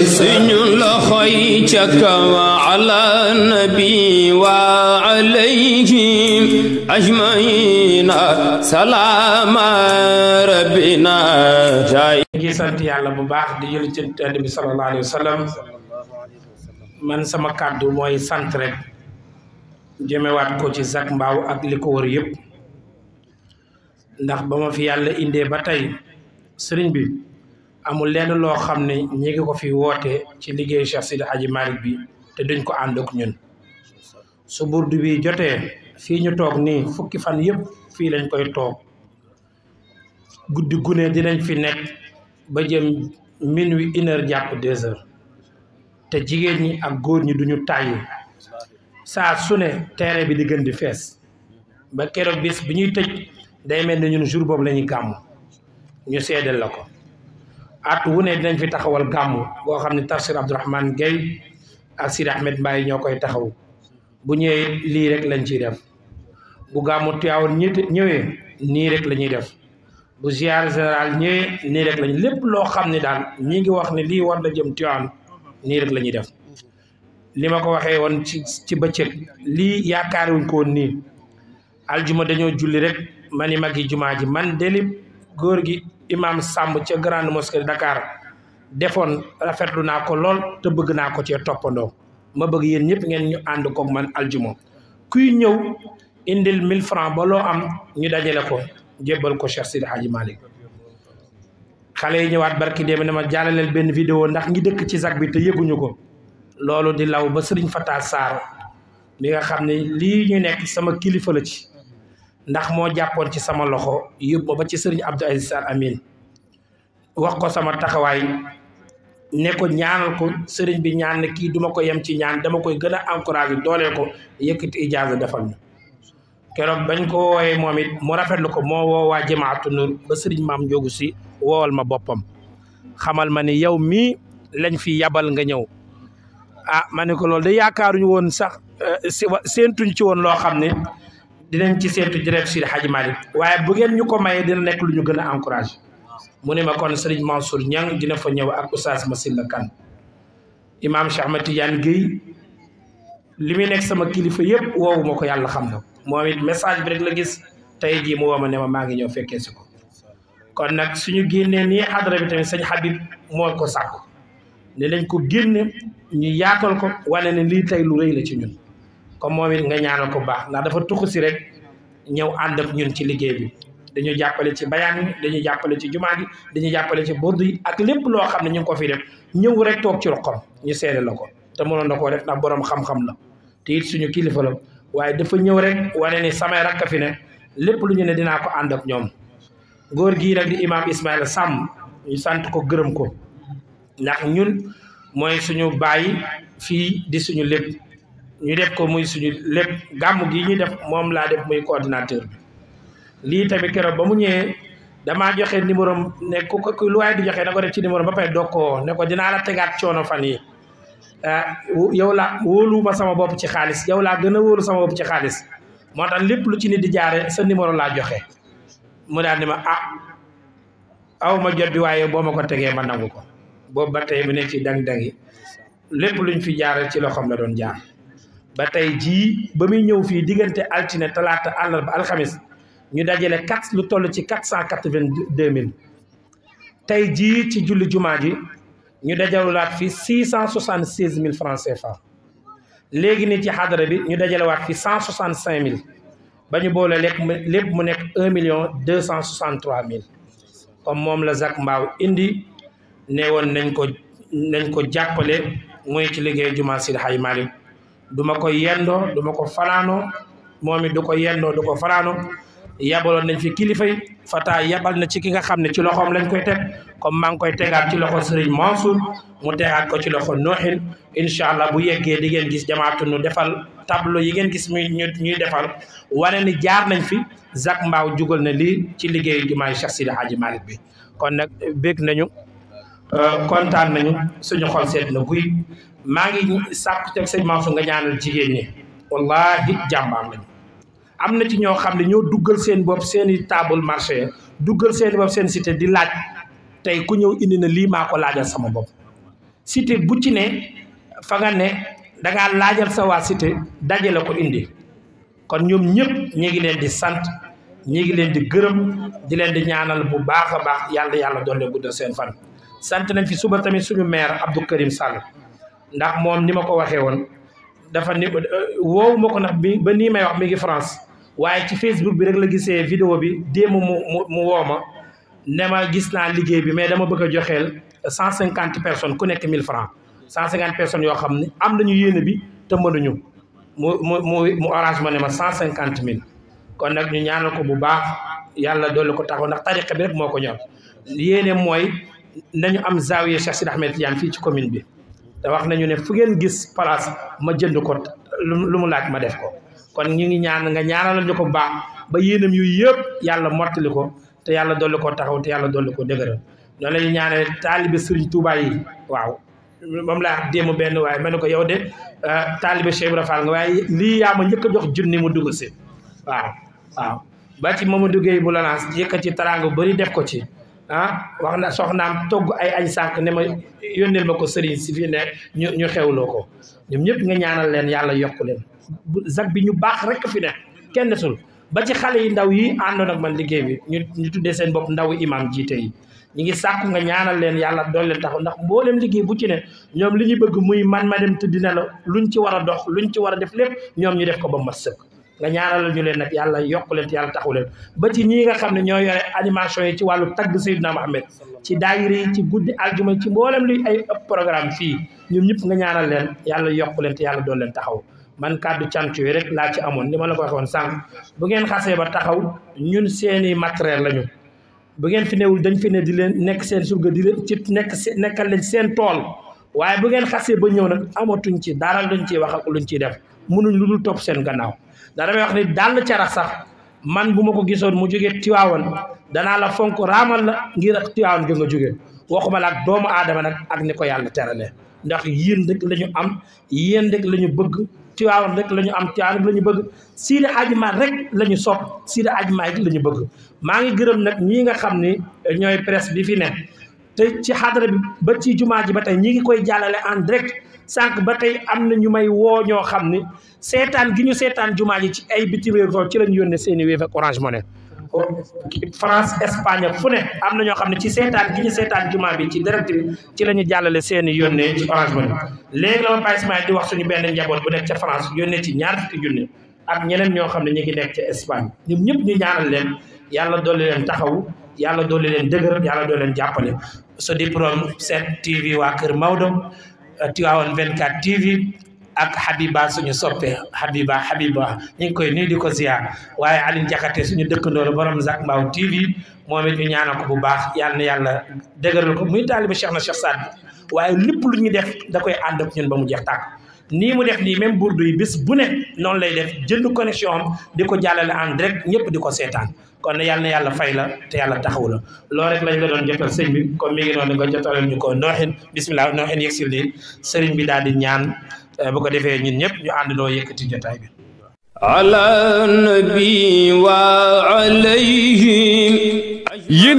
سن لخي شكوى على النبي وعليهم اجمعين سلام ربنا جاي سنت يالا بو باخ دي يولي تي النبي صلى الله عليه وسلم من سما كادو موي سنت رك جيمي وات كو سي زاك مباو اك ليكو وور يب نده باما في يالا اندي با تاي سرين بي amul lenn loo xam ne ñi ngi ko fi woote ci liggéey Cheikh aji Hadji bi te duñ ko ànd ak ñun su burdu bi jotee fii ñu toog nii fukki fan yëpp fii lañ koy toog guddi gune dinañ fi nekk ba jëm minuit wi heure jàpp deux heures te jigéen ñi ak góor ñi duñu tàyyi saa su ne terrain bi di gën di fees ba keroog bis bi ñuy tëj day mel ni ñun jour boobu la ñuy gàmm ñu seedal la ko at wu ne dinañ fi taxawal gàmmu boo xam ne tafsir Abdourahmane Gueye ak Sidi Ahmed Mbaye ñoo koy taxaw bu ñëwee lii rek lañ ciy def bu gàmmu Tiwaawan ñëwee nii rek la ñuy def bu ziar général ñëwee nii rek lañ lépp loo xam ne daal ñi ngi wax ne lii war la jëm Tiwaawan nii rek lañuy ñuy def li ma ko waxee woon ci ci bëccëg lii yaakaar wuñ ko woon nii aljuma dañoo julli rek ma ni mag yi man delib góor gi imam sàmb ce grande mosquée de Dakar defoon rafetlu naa ko lool te bëgg naa ko cee toppandoo ma bëgg yéen ñëpp ngeen ñu ànd koog man aljuma kuy ñëw indil 1000 francs baloo am ñu dajale ko jébbal ko Cheikh Sidi Hadji Malick xale yi ñëwaat barki démb na ma jàllaleel benn vidéo ndax ngi dëkk ci zag bi te yëguñu ko loolu di law ba sëriñ Fata Sarr mi nga xam ne lii ñu nekk sama kilifa la ci. ndax moo jàppoon ci sama loxo yóbbu ba ci sëriñ Abdou Aziz Al Amin wax ko sama taxawaay ne ko ñaanal ko sëriñ bi ñaan ne kii duma ko yem ci ñaan dama koy gën a encouragé dooleel ko yëkkati ijaaza defal ñu keroog bañ ko woowee moom it mu rafetlu ko moo woo waa jamaatu nur ba sëriñ maam njóogu si woowal ma boppam xamal ma ni yow mii lañ fi yabal nga ñëw a ah ma ne ko loolu de yaakaaruñu woon sax eh, séentuñ ci woon loo xam ne dinañ ci seetu jërëjëf Sidi Hadj waaye bu ngeen ñu ko mayee dina nekk lu ñu gën a mu ne ma kon Serigne Mansour Niang dina fa ñëw ak Oustaz Massila Kane Imam Cheikh Ahmed Tidiane Guèye li muy nekk sama kilifa yëpp wowuma ko yàlla xam na moom it message bi rek la gis tey jii mu woo ma ne ma maa ngi ñëw fekkee si ko kon nag suñu génnee nii xadara bi tamit sañ Habib moo ko sàkku ne lañ ko génne ñu yaatal ko wane ne lii tey lu rëy la ci ñun. comme moom it nga ñaanal ko baax naa dafa tuq si rek ñëw ànd ak ñun ci liggéey bi dañu jàppale ci bayaan bi dañu jàppale ci jumaa gi dañu jàppale ci burdu yi ak lépp loo xam ne ñun ko fi def ñëw rek toog ci roxam ñu seede la ko te mënoon na koo rek na boroom xam-xam la te suñu kilifa waaye dafa ñëw rek wane ni samay rakk lépp lu ñu ne dinaa ko ànd ak ñoom góor gii rek di imaam Ismaïla sàmm ñu sant ko gërëm ko ndax ñun mooy suñu baay fii di suñu lépp ñu def ko muy suñu lépp gàmm gi ñu def moom laa def muy coordinateur bi lii tamit keroog ba mu ñëwee damaa joxe numéro ne ku ko lu waaye di joxe na ko ci numéro ba pare dog ko ne ko dinaa la tegaat coono fan yi ah, yow laa wóoluwuma sama bopp ci xaalis yow laa gën a wóolu sama bopp ci xaalis moo tax lépp lu ci nit di jaare sa numéro laa joxe mu daal ma ah aw ma jot bi waaye boo ma ko tegee ma nangu ko boobu ba tey mu ne ci dang-dangi lépp luñ fi jaare ci loxoom la doon jaar ba tey jii ba muy ñëw fii diggante altine talaata ba alxamis ñu dajale quatre lu toll ci quatre cent quatre-vingt-deux mille tey jii ci julli jumaa ji ñu dajalewaat fi six cent soixante seize mille francs CFA léegi nii ci xadara bi ñu dajalewaat fi cent soixante cinq mille ba ñu boole lépp mu nekk un million deux cent soixante mille comme moom la Zac Mbao indi ne nañ ko nañ ko jàppale muy ci liggéey jumaa Seydi Hadji Malick du ma ko yendoo du ma ko fanaanoo moom it du ko yendoo du ko fanaanoo yabaloon nañ fi kilifa yi Fata yabal na ci ki nga xam ne ci loxoom lañ koy teg comme maa ngi koy tegaat ci loxo Serigne Mansour mu tegaat ko ci loxo Nooxin incha allah bu yeggee di ngeen gis jamaatu nu defal tableau yi ngeen gis muy ñuy defal wane ni jaar nañ fi Zac mbaaw jugal na lii ci liggéeyu jumaay Cheikh Sidi Hadji Malick bi kon nag bég nañu. Euh, kontaan nañu suñu xol seet na guy maa ngi sàkku teg sëñ Mansour nga ñaanal jigéen ñi wallahi jàmbaar lañu am na ci ñoo xam ne ñoo duggal seen bopp seen i table marché duggal seen bopp seen cité di laaj tey ku ñëw indi na lii maa ko laajal sama bopp cité bu ci ne fa nga ne dangaa laajal sa waa cité dajale ko indi kon ñoom ñëpp ñi ngi leen di sant ñi ngi leen di gërëm di leen di ñaanal bu baax a baax yàlla yàlla doole guddal seen fan sant nañ ci suba tamit suñu maire Abdou Karim Sall ndax moom ni ma ko waxee woon dafa ni euh, woowu ma ko ndax bi ba nii may wax mi ngi France waaye ci Facebook bi rek la gisee vidéo bi démb mu mu mu woo ma ne ma gis naa liggéey bi mais dama bëgg a joxeel cent cinquante personne ku nekk mille francs cent cinquante personnes yoo xam ne am nañu yéene bi te mënuñu mu mu mu mu orange ma ne ma cent cinquante mille kon nag ñu ñaanal ko bu baax yàlla dolli ko taxaw ndax tariqa moo ko ñor nañu am zaawiya Cheikh Sidi Ahmed Tidiane fii ci commune bi te wax nañu ne fu ngeen gis place ma jënd ko lu mu laaj ma def ko kon ñu ngi ñaan nga ñaanal ñu ko baax ba yéenam yu yëpp yàlla mottali ko te yàlla dolli ko taxaw te yàlla dolli ko dëgëral noonu la ñu ñaanale taalibe Serigne Touba yi waaw moom laa déemu benn waaye ma ne ko yow de euh, taalibe Cheikh Ibra Fall nga waaye lii yaam ma njëkk a jox junni mu dugg si waaw waaw ba ci Mamadou Gueye bu lanaas yëkkat ci taraanga bëri def ko ci ah wax na soxnaam togg ay añ sànq ne ma yónneel ma ko sëriñ si fii ne ñu ñu ko ñoom ñëpp nga ñaanal leen yàlla yokku leen zag bi ñu baax rek fi ne kenn desul ba ci xale yi ndaw yi àndoon ak man liggéey bi ñu ñu tuddee seen bopp ndaw imam jiite yi ñu ngi sàkku nga ñaanal leen yàlla doon leen taxaw ndax mboolem liggéey bu ci ne ñoom lu ñu bëgg muy man ma dem tëdd ne la luñ ci war a dox lu ñu ci war a def lépp ñoom ñu def ko ba mat sëkk nga ñaanalal ñu leen nag yàlla yokk leen te yàlla taxu leen ba ci ñii nga xam ne ñoo yore animation yi ci wàllu tagg Seydina Mohamed ci daayira yi ci guddi aljuma ci mboolem luy ay programme fii ñoom ñëpp nga ñaanal leen yàlla yokku leen te yàlla doon leen taxaw man kàddu cant rek laa ci amoon ni ma la ko waxoon sànq bu ngeen xasee ba taxaw ñun seeni matériel lañu bu ngeen fi newul dañ fi ne di leen nekk seen surga di leen ci nekk nekkal leen seen tool waaye bu ngeen xasee ba ñëw nag amatuñ ci daalal luñ ciy wax ak luñ ciy def mënuñ lu dul topp seen gannaaw da damay wax ni dàll carax sax man bu ma ko gisoon mu jóge tiwaawoon danaa la fonk raamal la ngir tiwaawoon gi nga jóge waxuma doomu aadama nag ak ni ko yàlla terale ndax yéen rek lañu am yéen rek la ñu bëgg tiwaawoon rek la ñu am tiwaawoon rek la ñu bëgg sii Hadji Malick rek la ñu sopp Seydi Hadji Malick rek la ñu bëgg maa ngi gërëm nag ñii nga xam ni ñooy presse bi fi ne te ci xadara bi ba ci jumaa ji ba tey ñi ngi koy jàllale en direct sànq ba tey am na ñu may woo ñoo xam ne seetaan gi ñu seetaan jumaa ji ci ay bitim réew ci lañ yónnee seen i Wave ak Orange Money France Espagne fu ne am na ñoo xam ne ci seetaan gi ñu seetaan jumaa bi ci direct bi ci la ñu jàllale seen yoon yónnee ci Orange Money léegi la ma Baye Ismaïl di wax suñu benn njaboot bu nekk ca France yónnee ci ñaar fukki junne ak ñeneen ñoo xam ne ñu ngi nekk ca Espagne ñu ñëpp ñu ñaanal leen yàlla doole leen taxawu yàlla doole leen dëgër yàlla dolli leen jàppale Sodiprom 7 TV waa Kër Maodo Tivaouane 24 TV ak Habiba suñu soppe Habiba Habiba ñu ngi koy nuyu di ko ziar waaye Aline Diakhaté suñu dëkkandoo la borom Zac ma TV moom it ñu ñaanal ko bu baax yal na yàlla dëgëral ko muy taaliba Cheikh na Cheikh Saad waaye lépp lu ñu def da koy ànd ak ñun ba mu jeex tàkk. nii mu def nii même burdu yi bis bu ne noonu lay def jënd connexion am di ko jàllale en direct ñëpp di ko seetaan kon yàlla na yàlla fay la te yàlla taxaw la loolu rek lañ la doon jotal sëñ bi comme mi ngi noonu nga jotalal ñu ko yegsil leen sëriñ bi daal di ñaan eh, bu ko defee ñun ñëpp ñu àndandoo yëkkati jotaay bi. ala nabi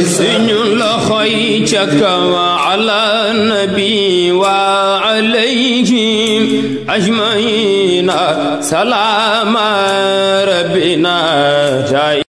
حسين الخي شكا على النبي وعليهم اجمعين سلام ربنا جاي